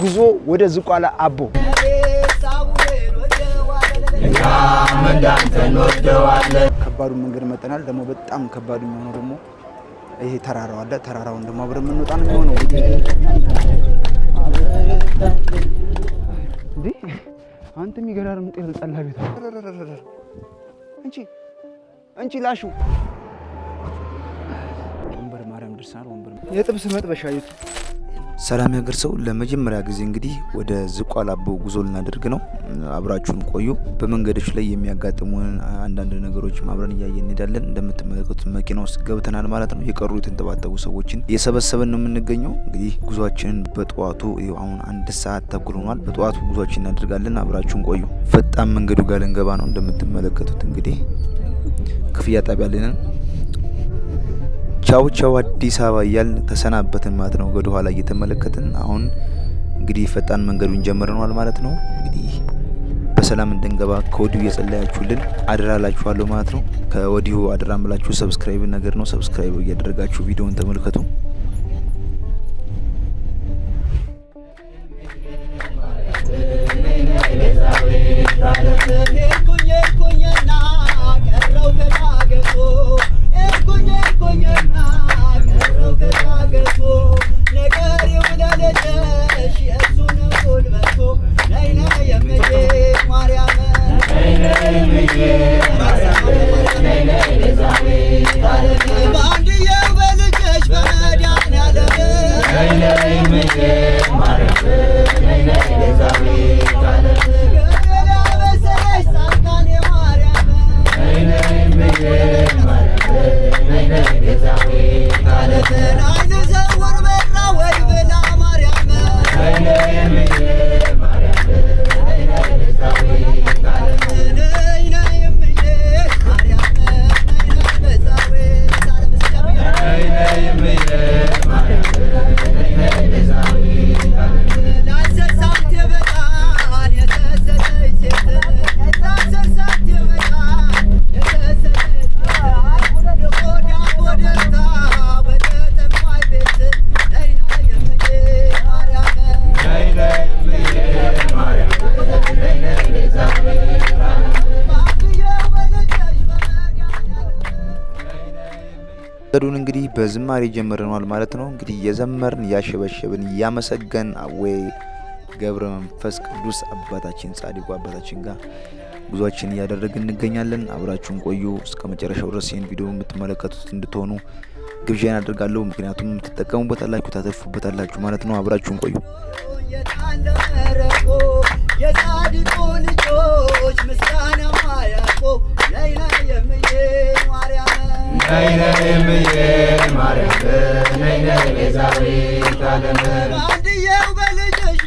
ጉዞ ወደ ዝቋላ አቦ ከባዱ መንገድ መጠናል። ደግሞ በጣም ከባዱ የሚሆነው ደግሞ ይሄ ተራራው አለ። ተራራውን ደግሞ አብረን የምንወጣ ነው የሚሆነው። እንዴ አንተ የሚገራርም ጤል ጠላ ቤት እንቺ እንቺ ላሹ ወንበር ማርያም ድርሳል ወንበር የጥብስ መጥበሻ ሰላም ያገር ሰው ለመጀመሪያ ጊዜ እንግዲህ ወደ ዝቋላ አቦ ጉዞ ልናደርግ ነው። አብራችሁን ቆዩ። በመንገዶች ላይ የሚያጋጥሙን አንዳንድ ነገሮች አብረን እያየን እንሄዳለን። እንደምትመለከቱት መኪና ውስጥ ገብተናል ማለት ነው። የቀሩ የተንጠባጠቡ ሰዎችን እየሰበሰበን ነው የምንገኘው። እንግዲህ ጉዟችንን በጠዋቱ አሁን አንድ ሰዓት ተኩል ሆኗል። በጠዋቱ ጉዟችን እናደርጋለን። አብራችሁን ቆዩ። ፈጣን መንገዱ ጋር ልንገባ ነው። እንደምትመለከቱት እንግዲህ ክፍያ ጣቢያ ቻው ቻው አዲስ አበባ እያልን ተሰናበትን ማለት ነው። ወደ ኋላ እየተመለከትን አሁን እንግዲህ ፈጣን መንገዱን ጀምረነዋል ማለት ነው። እንግዲህ በሰላም እንድንገባ ከወዲሁ እየጸለያችሁልን አደራላችኋለሁ ማለት ነው። ከወዲሁ አደራ ምላችሁ ሰብስክራይብ ነገር ነው። ሰብስክራይብ እያደረጋችሁ ቪዲዮን ተመልከቱ። Yeah. አምልኮ ነገር ይውለደለሽ እሱ ነው ጉልበቱ ነይና የምዬ ማርያም መንገዱን እንግዲህ በዝማሬ ጀምረናል ማለት ነው። እንግዲህ የዘመርን ያሸበሸብን እያመሰገን ወይ ገብረ መንፈስ ቅዱስ አባታችን ጻድቁ አባታችን ጋር ጉዟችን እያደረግን እንገኛለን። አብራችሁን ቆዩ እስከ መጨረሻው ድረስ ይህን ቪዲዮ የምትመለከቱት እንድትሆኑ ግብዣን አደርጋለሁ ምክንያቱም ትጠቀሙበታላችሁ፣ ታተርፉበታላችሁ ማለት ነው። አብራችሁን ቆዩ። የጻድቁ ልጆች ምስጋና የምዬ ማርያም ነይነይ እምዬ ማርያም ነይነይ ቤዛዊተ ዓለም በአንድየው በልጅሽ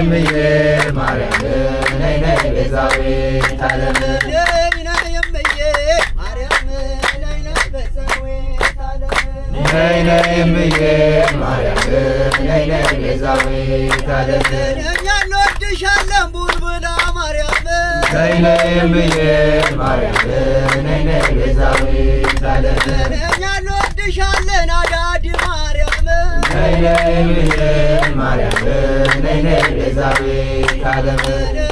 እምዬ ማርያም ነይነይ ቤዛዊተ ቤዛዊተ ዓለም Söyleyemeyin varlığın ne rezavi talebe Eğer düşerlin adadi Meryem'i Söyleyemeyin varlığın ne rezavi talebe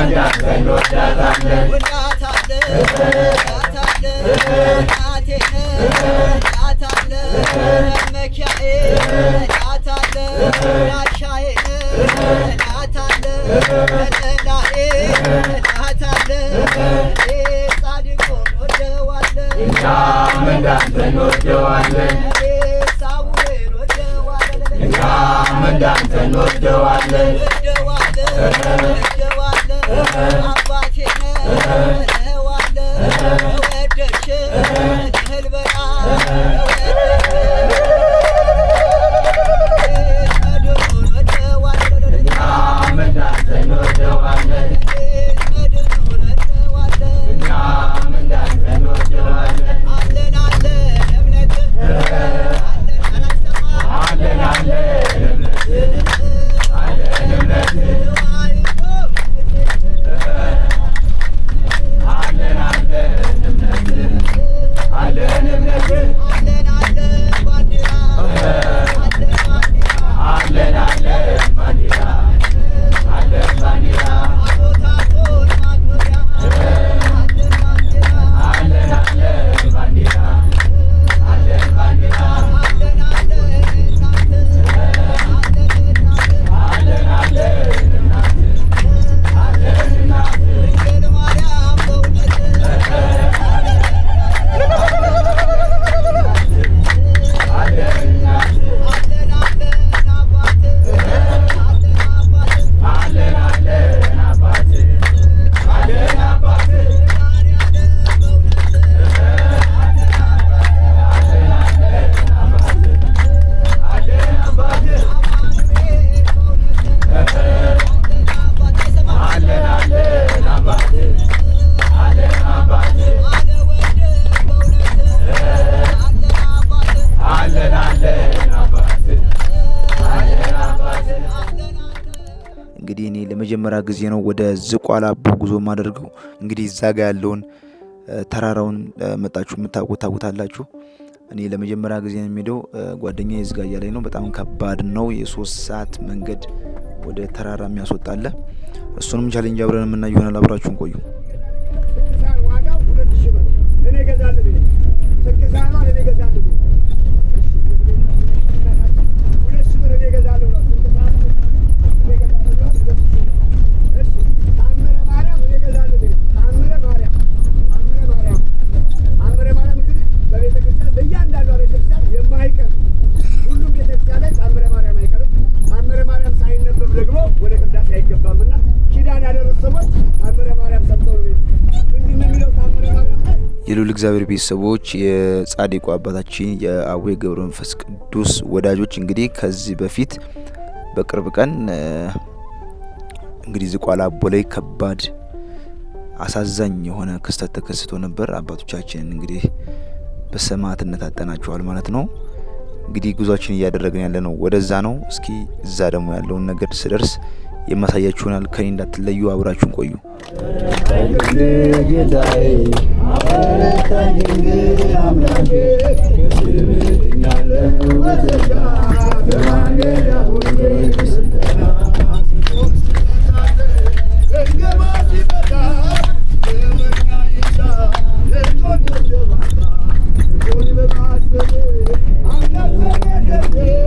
እንዳት እንወዳታለን እኛም እንዳንተ እንወደዋለን ጊዜ ነው ወደ ዝቋላ አቦ ጉዞ የማደርገው። እንግዲህ እዛ ጋ ያለውን ተራራውን መጣችሁ የምታውቁት ታውቁታላችሁ። እኔ ለመጀመሪያ ጊዜ የሚሄደው። ጓደኛ የዝጋያ ላይ ነው። በጣም ከባድ ነው። የሶስት ሰዓት መንገድ ወደ ተራራ የሚያስወጣለ። እሱንም ቻሌንጅ አብረን የምናየው ይሆናል። አብራችሁን ቆዩ። ሁለት ብር ስልክ እኔ እገዛለሁ እግዚአብሔር ቤተሰቦች የጻድቁ አባታችን የአቡነ ገብረ መንፈስ ቅዱስ ወዳጆች እንግዲህ ከዚህ በፊት በቅርብ ቀን እንግዲህ ዝቋላ አቦ ላይ ከባድ አሳዛኝ የሆነ ክስተት ተከስቶ ነበር። አባቶቻችንን እንግዲህ በሰማዕትነት አጠናቸዋል ማለት ነው። እንግዲህ ጉዟችን እያደረግን ያለ ነው ወደዛ ነው። እስኪ እዛ ደግሞ ያለውን ነገር ስደርስ የማሳያችሁናል። ከኔ እንዳትለዩ፣ አብራችሁን ቆዩ። Yeah.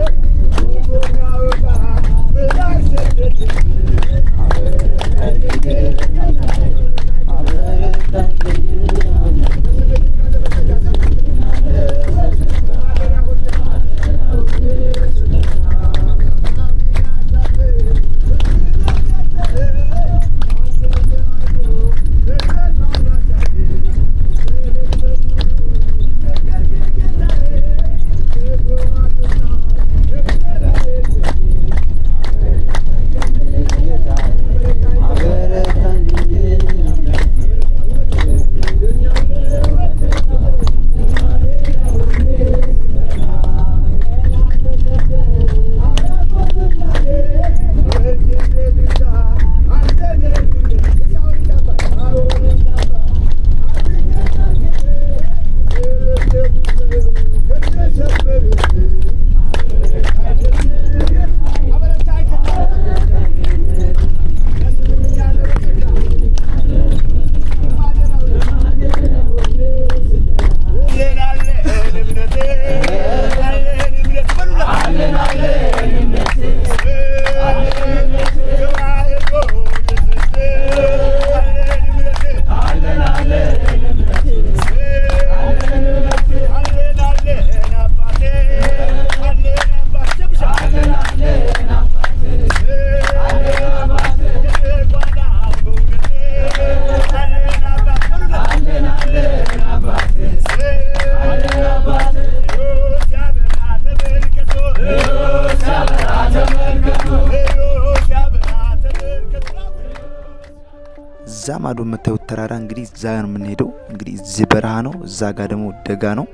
ማዶ የምታዩት ተራራ እንግዲህ እዛ ነው የምንሄደው። እንግዲህ እዚህ በረሃ ነው፣ እዛ ጋር ደግሞ ደጋ ነው።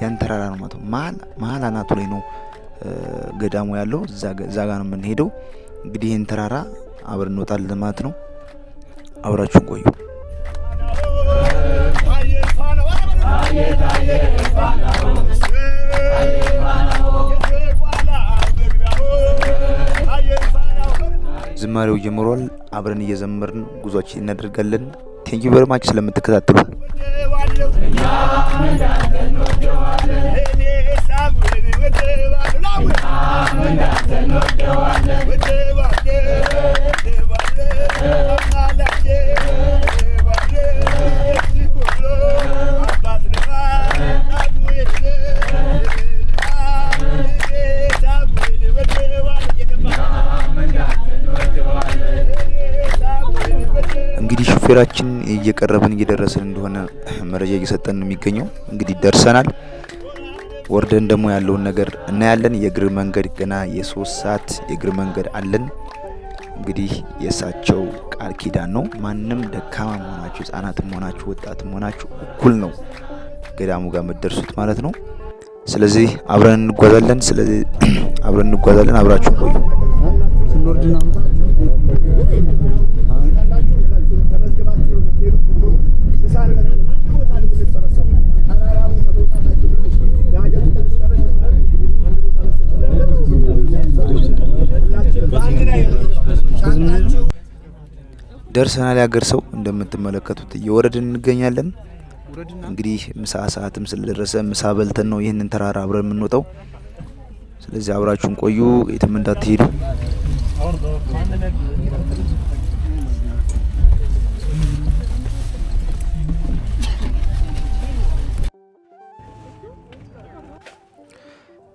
ያን ተራራ ነው ማለት መሀል አናቱ ላይ ነው ገዳሙ ያለው፣ እዛ ጋር ነው የምንሄደው። እንግዲህ ይህን ተራራ አብረን እንወጣለን ማለት ነው። አብራችሁን ቆዩ። ከዝማሬው ጀምሯል። አብረን እየዘመርን ጉዟችን እናደርጋለን። ቴንኪ ቨሪ ማች ስለምትከታተሉ ሾፌራችን እየቀረብን እየደረስን እንደሆነ መረጃ እየሰጠን ነው የሚገኘው። እንግዲህ ደርሰናል። ወርደን ደግሞ ያለውን ነገር እናያለን። የእግር መንገድ ገና የሶስት ሰዓት የእግር መንገድ አለን። እንግዲህ የእሳቸው ቃል ኪዳን ነው። ማንም ደካማ መሆናችሁ፣ ህጻናትም ሆናችሁ ወጣትም ሆናችሁ እኩል ነው ገዳሙ ጋር መደርሱት ማለት ነው። ስለዚህ አብረን እንጓዛለን። ስለዚህ አብረን እንጓዛለን። አብራችሁን ቆዩ። ደርሰናል። ያገር ሰው እንደምትመለከቱት እየወረድን እንገኛለን። እንግዲህ ምሳ ሰዓትም ስለደረሰ ምሳ በልተን ነው ይህንን ተራራ አብረን የምንወጣው። ስለዚህ አብራችሁን ቆዩ፣ የትም እንዳትሄዱ።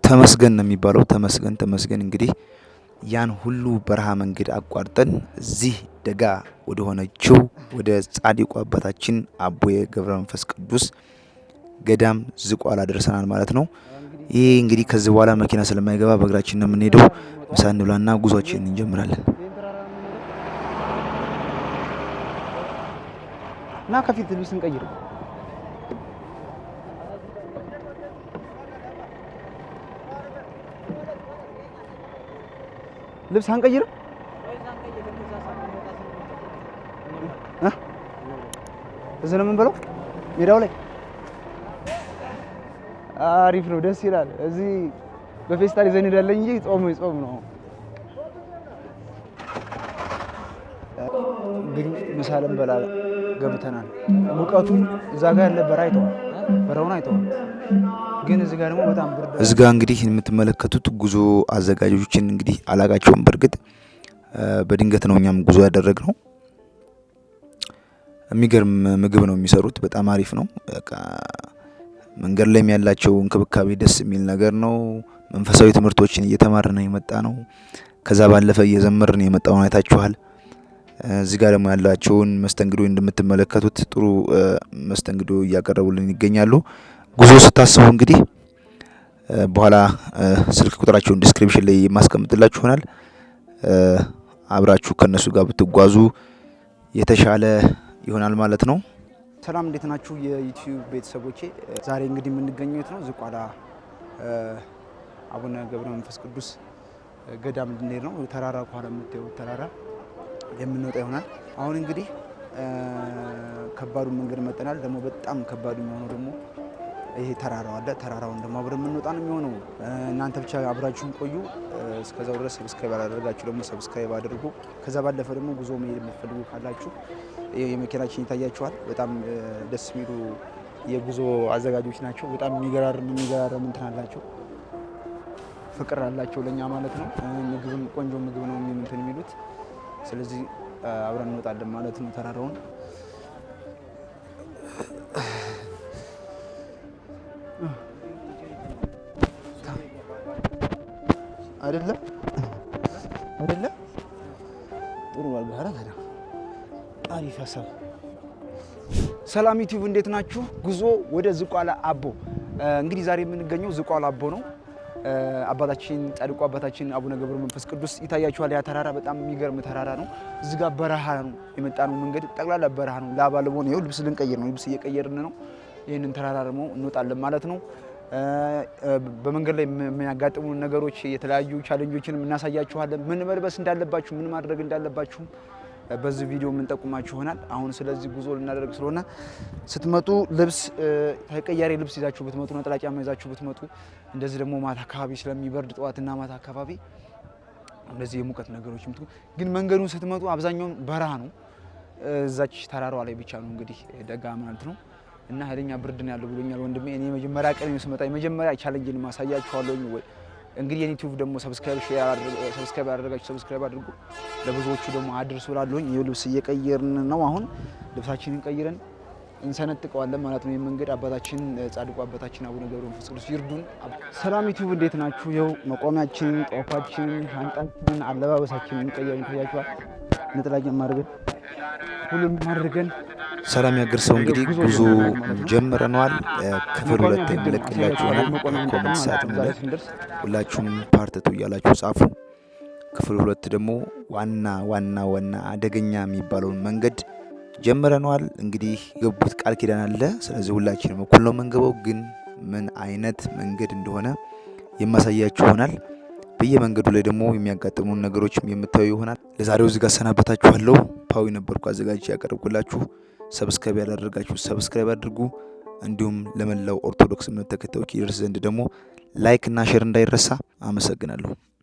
ተመስገን ነው የሚባለው። ተመስገን ተመስገን እንግዲህ ያን ሁሉ በረሃ መንገድ አቋርጠን እዚህ ደጋ ወደ ሆነችው ወደ ጻድቁ አባታችን አቦየ ገብረ መንፈስ ቅዱስ ገዳም ዝቋላ ደርሰናል ማለት ነው። ይህ እንግዲህ ከዚህ በኋላ መኪና ስለማይገባ በእግራችን ነው የምንሄደው። ምሳ እንብላና እንጀምራለን። እና ከፊት ልብስ እንቀይር ልብስ አንቀይርም? እዚህ ነው የምንበለው፣ ሜዳው ላይ አሪፍ ነው፣ ደስ ይላል። እዚህ በፌስታል ይዘን ሄዳለን እንጂ ጾም ጾም ነው። ግን ምሳ ልንበላ ገብተናል። ሙቀቱም እዛ ጋር ያለ በራ አይተዋል፣ በረውን አይተዋል። እዚጋ እንግዲህ የምትመለከቱት ጉዞ አዘጋጆችን እንግዲህ አላቃቸውን በእርግጥ በድንገት ነው እኛም ጉዞ ያደረግ ነው። የሚገርም ምግብ ነው የሚሰሩት። በጣም አሪፍ ነው። መንገድ ላይም ያላቸው እንክብካቤ ደስ የሚል ነገር ነው። መንፈሳዊ ትምህርቶችን እየተማርን የመጣ ነው። ከዛ ባለፈ እየዘመርን የመጣውን አይታችኋል። እዚህ ጋር ደግሞ ያላቸውን መስተንግዶ እንደምትመለከቱት ጥሩ መስተንግዶ እያቀረቡልን ይገኛሉ። ጉዞ ስታስቡ እንግዲህ በኋላ ስልክ ቁጥራቸውን ዲስክሪፕሽን ላይ የማስቀምጥላችሁ ይሆናል። አብራችሁ ከነሱ ጋር ብትጓዙ የተሻለ ይሆናል ማለት ነው። ሰላም እንዴት ናችሁ የዩቲዩብ ቤተሰቦቼ? ዛሬ እንግዲህ የምንገኘው የት ነው? ዝቋላ አቡነ ገብረ መንፈስ ቅዱስ ገዳም እንድንሄድ ነው። ተራራ ከኋላ የምታዩት ተራራ የምንወጣ ይሆናል። አሁን እንግዲህ ከባዱን መንገድ መጠናል። ደግሞ በጣም ከባዱ የሚሆነው ደግሞ ይሄ ተራራው አለ። ተራራውን ደግሞ አብረን የምንወጣ ነው የሚሆነው። እናንተ ብቻ አብራችሁን ቆዩ። እስከዛው ድረስ ሰብስክራይብ አላደረጋችሁ ደግሞ ሰብስክራይብ አድርጉ። ከዛ ባለፈ ደግሞ ጉዞ መሄድ የምትፈልጉ ካላችሁ የመኪናችን ይታያችኋል። በጣም ደስ የሚሉ የጉዞ አዘጋጆች ናቸው። በጣም የሚገራርም የሚገራርም እንትን አላቸው፣ ፍቅር አላቸው ለእኛ ማለት ነው። ምግብም ቆንጆ ምግብ ነው እንትን የሚሉት። ስለዚህ አብረን እንወጣለን ማለት ነው ተራራውን አይደለም አይደለም። ጥሩ ባልጋራ ታዲያ አሪፍ ሀሳብ። ሰላም ዩቲዩብ እንዴት ናችሁ? ጉዞ ወደ ዝቋላ አቦ። እንግዲህ ዛሬ የምንገኘው ዝቋላ አቦ ነው። አባታችን ጻድቁ አባታችን አቡነ ገብረ መንፈስ ቅዱስ ይታያችኋል። ያ ተራራ በጣም የሚገርም ተራራ ነው። እዚህ ጋር በረሃ ነው የመጣ ነው። መንገድ ጠቅላላ በረሃ ነው። ላባ ለቦ ነው። ልብስ ልንቀይር ነው። ልብስ እየቀየርን ነው። ይህንን ተራራ ደግሞ እንወጣለን ማለት ነው። በመንገድ ላይ የሚያጋጥሙ ነገሮች የተለያዩ ቻለንጆችንም እናሳያችኋለን። ምን መልበስ እንዳለባችሁ፣ ምን ማድረግ እንዳለባችሁም በዚህ ቪዲዮ የምንጠቁማችሁ ይሆናል። አሁን ስለዚህ ጉዞ ልናደርግ ስለሆነ ስትመጡ ልብስ ተቀያሪ ልብስ ይዛችሁ ብትመጡ፣ ነጠላ ጫማ ይዛችሁ ብትመጡ፣ እንደዚህ ደግሞ ማታ አካባቢ ስለሚበርድ ጠዋትና ማታ አካባቢ እንደዚህ የሙቀት ነገሮች ግን መንገዱን ስትመጡ አብዛኛውን በረሃ ነው። እዛች ተራራዋ ላይ ብቻ ነው እንግዲህ ደጋ ማለት ነው እና ኃይለኛ ብርድ ነው ያለው ብሎኛል ወንድሜ። እኔ መጀመሪያ ቀን ስመጣ የመጀመሪያ ቻለንጅን ማሳያችኋለሁ። ወይ እንግዲህ የዩቲዩብ ደግሞ ሰብስክራይብ ሰብስክራይብ ያደረጋችሁ ሰብስክራይብ አድርጉ፣ ለብዙዎቹ ደግሞ አድርሱ ላለሁኝ። ይህ ልብስ እየቀየርን ነው። አሁን ልብሳችንን ቀይረን እንሰነጥቀዋለን ማለት ነው። የመንገድ አባታችን ጻድቁ አባታችን አቡነ ገብረ መንፈስ ቅዱስ ይርዱን። ሰላም ዩቲዩብ እንዴት ናችሁ? ይኸው መቆሚያችንን፣ ጧፋችንን፣ ሻንጣችንን፣ አለባበሳችንን ቀየርን። ታያችኋል። ነጠላ ጀማርገን ሁሉም አድርገን ሰላም ያገር ሰው እንግዲህ ጉዞ ጀምረነዋል። ክፍል ሁለት የሚለቅላችሁ ሆናል። ኮመንት ሳጥን ላይ ሁላችሁም ፓርትቱ እያላችሁ ጻፉ። ክፍል ሁለት ደግሞ ዋና ዋና ዋና አደገኛ የሚባለውን መንገድ ጀምረነዋል። እንግዲህ የገቡት ቃል ኪዳን አለ። ስለዚህ ሁላችንም እኩል ነው መንገበው፣ ግን ምን አይነት መንገድ እንደሆነ የማሳያችሁ ይሆናል። በየመንገዱ ላይ ደግሞ የሚያጋጥሙን ነገሮች የምታዩ ይሆናል። ለዛሬው እዚህ ጋር ሰናበታችኋለሁ። ፓዊ ነበርኩ አዘጋጅ ያቀርብኩላችሁ። ሰብስክራይብ ያላደረጋችሁ ሰብስክራይብ አድርጉ። እንዲሁም ለመላው ኦርቶዶክስ እምነት ተከታዮች ይደርስ ዘንድ ደግሞ ላይክ እና ሼር እንዳይረሳ። አመሰግናለሁ።